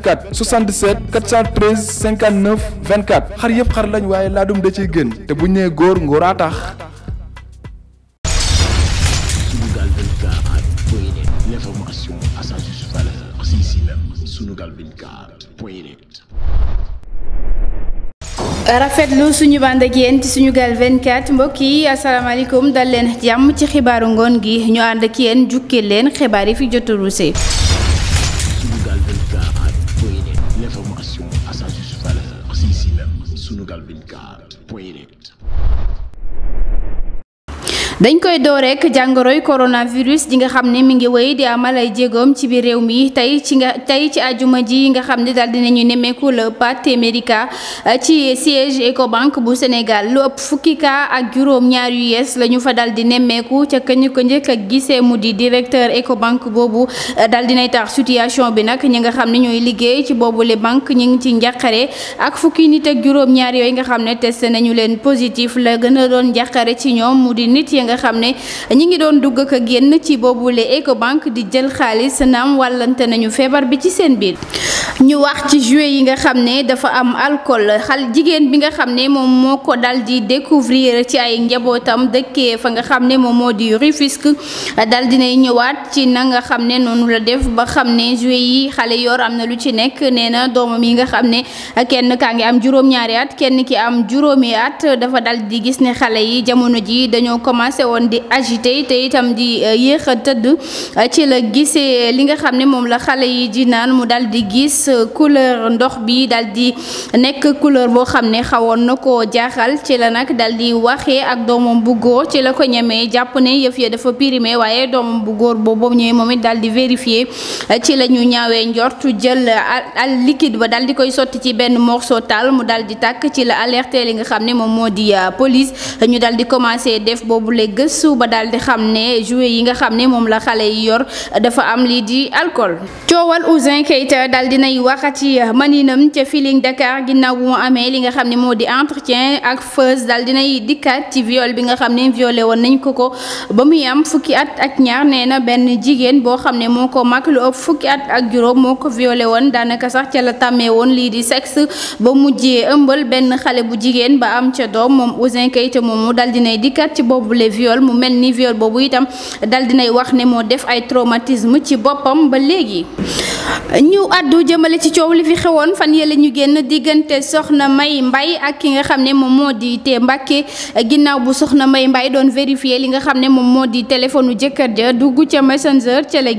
24 77 413 59 24 xar yëpp xar gën te bu ñu nee góor ngóoraa tax. Sunugal 24 l'information suñu bànd ak yéen ci suñu gal 24 mbokk yi asalaamaaleykum dal leen jàmm ci xibaaru ngoon gi ñu ànd ak yéen leen xibaar yi fi jot a sunugal 24 point net dañ koy doo rek jàngoroy coronavirus ji nga xam ne mi ngi wéy di amal ay jéegoom ci biir réew mi tey ci nga tey ci ajuma ji nga xam ne daal dinañu nemmeeku la pas téeméeri cas eh, ci siège Ecobank bu Sénégal lu ëpp fukki ka ak juróom-ñaar yu yees la ñu fa dal di nemmeeku ca kañu ko njëkk ak gisee mu di directeur Ecobank boobu eh, dal dinay tax situation bi nag ñi nga xam ne ñooy liggéey ci boobu boobule banque ñi ngi ci njàqare ak fukki nit ak juróom-ñaar yooyu nga xam ne testé nañu leen positif la gën a doon njàqare ci ñoom mu di nit nga xam ne ñi ngi doon dugg ak génn ci boobule Ecobank di jël xaalis naam wàllante nañu feebar bi ci seen biir. ñu wax ci jouet yi nga xam ne dafa am alcool xal jigéen bi nga xam ne moom moo ko dal di découvrir ci ay njabootam dëkkee fa nga xam ne moom moo di Rufisque dal dinay ñëwaat ci na nga xam ne noonu la def ba xam ne jouet yi xale yor am na lu ci nekk nee na doomam yi nga xam ne kenn kaa ngi am juróom-ñaari at kenn ki am juróomi at dafa dal di gis ne xale yi jamono ji dañoo commencé commencé woon di agité te itam di euh, yéex a tëdd euh, ci la gisee li nga xam ne moom la xale yi di naan mu daal di gis euh, couleur ndox bi daal di nekk couleur boo xam ne xawoon na ko jaaxal ci la nag daal di waxee ak doomam bu góor ci la ko ñemee jàpp ne yëf ya dafa périmé waaye doomam bu góor boobu ñëwee moom it daal di vérifier ci la ñu ñaawee njortu jël al liquide ba daal di koy sotti ci benn morceau taal mu daal di tàkk ci la alerte li nga xam ne moom moo di police ñu daal tàmbalee gëstu ba daal di xam ne jouet yi nga xam ne moom la xale yi yor dafa am lii di alcool coowal Ouzin Keita daal dinay waxati maninam ca Feeling Dakar ginnaaw bu mu amee li nga xam ne moo di entretien ak Feuz daal dinay dikkaat ci bi nga xam ne violé woon nañ ko ko ba muy am fukki at ak ñaar nee na benn jigéen boo xam ne moo ko mag lu ëpp fukki at ak juróom moo ko violé woon daanaka sax ca la tàmmee woon lii di sexe ba mujjee ëmbal benn xale bu jigéen ba am ca doom moom Ouzin Keita moom mu dinay dikkaat ci boobule viol mu mel ni viol boobu itam dal dinay wax ne moo def ay traumatisme ci boppam ba léegi ñu àddu jëmale ci coow li fi fan yële ñu génn diggante soxna May Mbay ak ki nga xam ne moom moo di te Mbàkke ginnaaw bu soxna May Mbay doon vérifier li nga xam ne moom moo di téléphone jëkkër ja dugg ca messenger ca la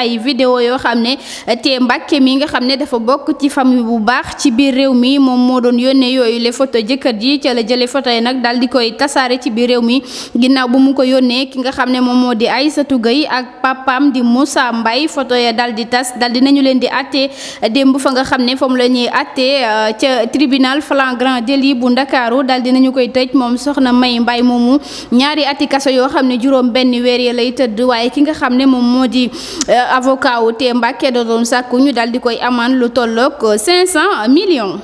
ay vidéo yoo xam ne te Mbàkke mi nga xam ne dafa bokk ci famille bu baax ci biir réew mi moom moo doon yónnee yooyu les photo jëkkër ji ca la jële photo yi nag daal di koy tasaare ci biir réew mi ginnaaw bu mu ko yónnee ki nga xam ne moom moo di Aïssatou Gueye ak papam di Moussa mbay photo ya dal di tas dal dinañu leen di àttee démb fa nga xam ne foofu la ñuy àttee euh, ca tribunal flagrant délit bu Ndakaaru dal dinañu koy tëj moom soxna May mbay moomu ñaari ati kaso yoo xam ne juróom benn weer ya lay tëdd waaye ki nga xam ne moom moo di euh, avocat wu te Mbàkke da doon sàkku ñu dal di koy amaan lu tolloog 500 euh, millions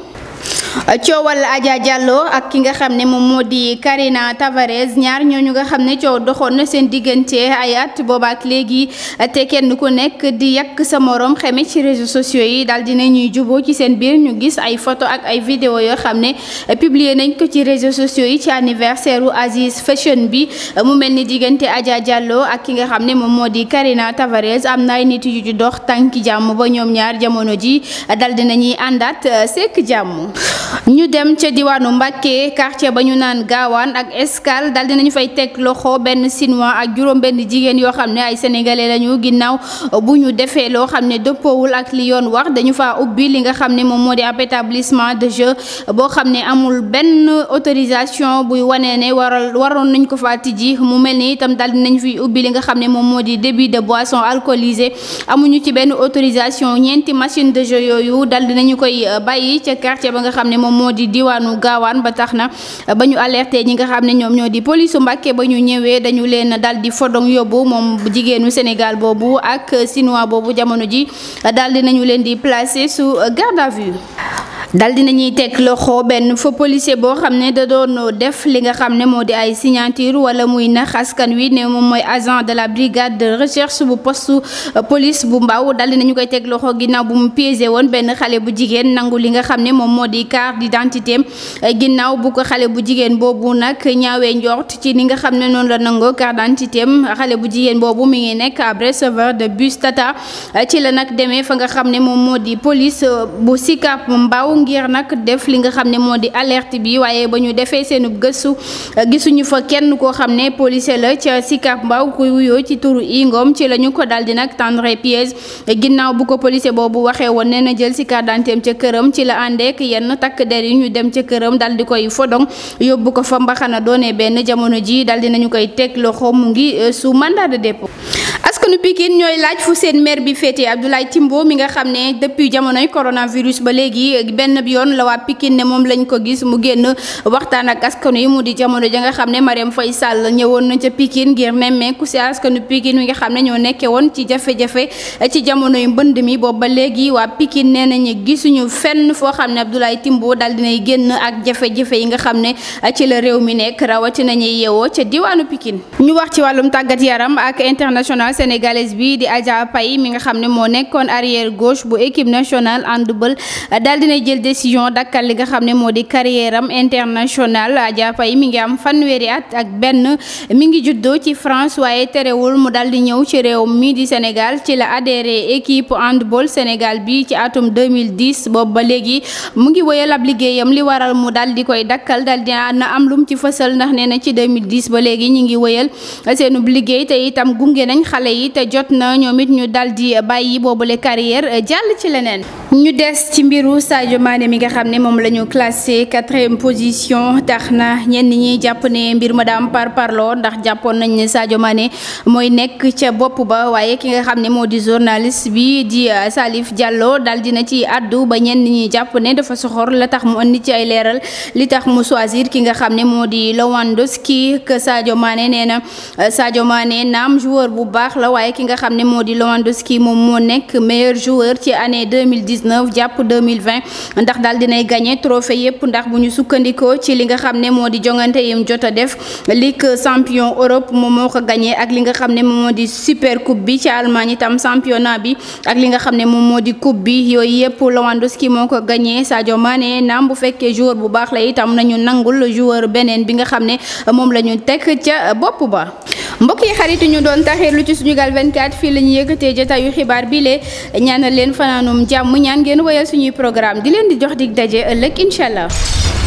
Euh, coowal Adja Diallo ak ki nga xam ne moom moo di Karina Tavares ñaar ñooñu nga xam ne coow doxoon na seen diggante ay at boobaak léegi euh, te kenn ku nekk di yàq sa morom xeme ci réseaux sociaux yi daal dina ñuy juboo ci seen biir ñu gis ay photo ak ay vidéo yoo xam ne euh, publier nañ ko ci réseau sociaux yi ci anniversaire u Fashion bi mu mel ni diggante Adja Diallo ak ki nga xam ne moom moo di Karina Tavares am na ay nit yu ci dox tànki jàmm ba ñoom ñaar jamono ji dal dinañuy àndaat sekk jàmm ñu dem ca diwaanu Mbàkke quartier ba ñu naan gaawaan ak Escale di nañu fay teg loxo benn chinois ak juróom benn jigéen yoo xam ne ay sénégalais lañu ginnaaw bu ñu defee loo xam ne dëppoowul ak li yoon wax dañu fa ubbi li nga xam ne moom moo di ab établissement de jeu boo xam ne amul benn autorisation buy wanee ne waral waroon nañ ko faa tijji mu mel ni itam daal nañu fiy ubbi li nga xam ne moom moo di débit de boisson alcoolisée amuñu ci benn autorisation ñeenti machine de jeu yooyu daal dinañu koy euh, ne moom moo di diwaanu gaawaan ba tax na euh, ba ñu alerté ñi nga xam ne ñoom ñoo di polisu Mbàkke ba ñu ñëwee dañu leen dal di fodong yóbbu moom jigéenu Sénégal boobu ak chinois boobu jamono ji euh, daal di nañu leen di placer su euh, garde à vue dal dinañuy teg loxo benn fa policier boo xam ne da doon def li nga xam ne moo di ay signature wala muy nax askan wi ne moom mooy agent de la brigade de recherche bu poste police bu mbaaw dal dinañu koy teg ginnaaw bu mu piégé woon benn xale bu jigéen nangu li nga xam ne moom moo di carte d'identité ginnaaw bu ko xale bu jigéen boobu nag ñaawee njort ci ni nga xam ne noonu la nangoo carte d'identité xale bu jigéen boobu mi ngi nekk ab de bus ci la nag demee fa nga xam ne moom moo di police bu Sicap Mbao ngir nag def li nga xam ne moo di alerte bi waaye ba ñu defee seenub gëstu euh, gisuñu fa kenn koo xam ne policier la ca Sicap Mbao kuy wuyoo ci turu ngoom ci la ñu ko daal di nag tendre piège ginnaaw bu ko policier boobu waxee woon nee na jël si carte d'identité ca këram ci la àndeek yenn takk der yi ñu dem ca këram dal di koy fodong yóbbu ko fa mbaxana doone benn jamono ji dal di nañu koy teg loxo mu ngi euh, su mandat de dépôt askanu Pikine ñooy laaj fu seen maire bi féete Abdoulaye Timbo mi nga xam ne depuis jamonoy coronavirus ba léegi benn bi yoon la waa Pikine ne moom lañ ko gis mu génn waxtaan ak askanu yi mu di jamono ja nga xam ne Marième fay sàll ñëwoon na ca Pikine ngir nemmeeku si askanu Pikine mi nga xam ne ñoo nekkee woon ci jafe-jafe ci jamonoy mbënd mi boobu ba léegi waa Pikine nee nañu gisuñu fenn foo xam ne Abdoulaye Timbo daal dinay génn ak jafe-jafe yi nga xam ne ci la réew mi nekk rawatina ñuy yeewoo ca diwaanu Pikine ñu wax ci wàllum tàggat yaram ak international sénégalaise bi di Adja Paye mi nga xam ne moo nekkoon arrière gauche bu équipe nationale handball daal dina jël décision dakkal li nga xam ne moo di carrière am internationale Adja mi ngi am fanweeri at ak benn mi ngi juddoo ci France waaye terewul mu daal di ñëw ci réew mi di Sénégal ci la adhéré équipe handball Sénégal bi ci atum 2010 boobu ba léegi mu ngi woyal ab liggéeyam li waral mu daal di koy dakkal daal na am lum ci fësal ndax nee na ci 2010 ba léegi ñi ngi woyal xale yi te jot na ñoom it ñu dal di bàyyi boobule carrière jàll ci leneen. ñu des ci mbiru Sadio maane mi nga xam ne moom la ñu classé quatrième position tax na ñenn ñi jàpp ne mbir ma daam par parloo ndax jàppoon nañ ne Sadio Mané mooy nekk ca bopp ba waaye ki nga xam ne moo di journaliste bi di euh, Salif Diallo daal dina ci àddu ba ñenn ñi jàpp ne dafa soxor la tax mu indi ci ay leeral li tax mu choisir ki nga xam ne moo di Lewandowski que Sadio Mané nee na euh, Sadio Mané naam joueur bu baax la waaye ki nga xam ne moo di Lewandowski moom moo nekk meilleur joueur ci année 2019 jàpp 2020 ndax daal dinay gagné trophée yëpp ndax bu ñu sukkandikoo ci li nga xam ne moo di jongante yim jot a def ligue champion Europe moom moo ko gañee ak li nga xam ne moo di super coupe bi ci Allemagne itam championnat bi ak li nga xam ne moom moo di coupe bi yooyu yëpp Lewandowski moo ko gagné Sadio Mané naam bu fekkee joueur bu baax la itam nañu nangul joueur beneen bi nga xam ne moom la ñu teg ca bopp ba mbokk yi xarit ñu doon taxirlu ci Sunugal 24 fii la ñu yëkkatee jotaayu xibaar bi lee ñaanal leen fanaanum jàmm ñaan ngeen woyal suñuy programme di leen di jox dig daje ëllëg incha allah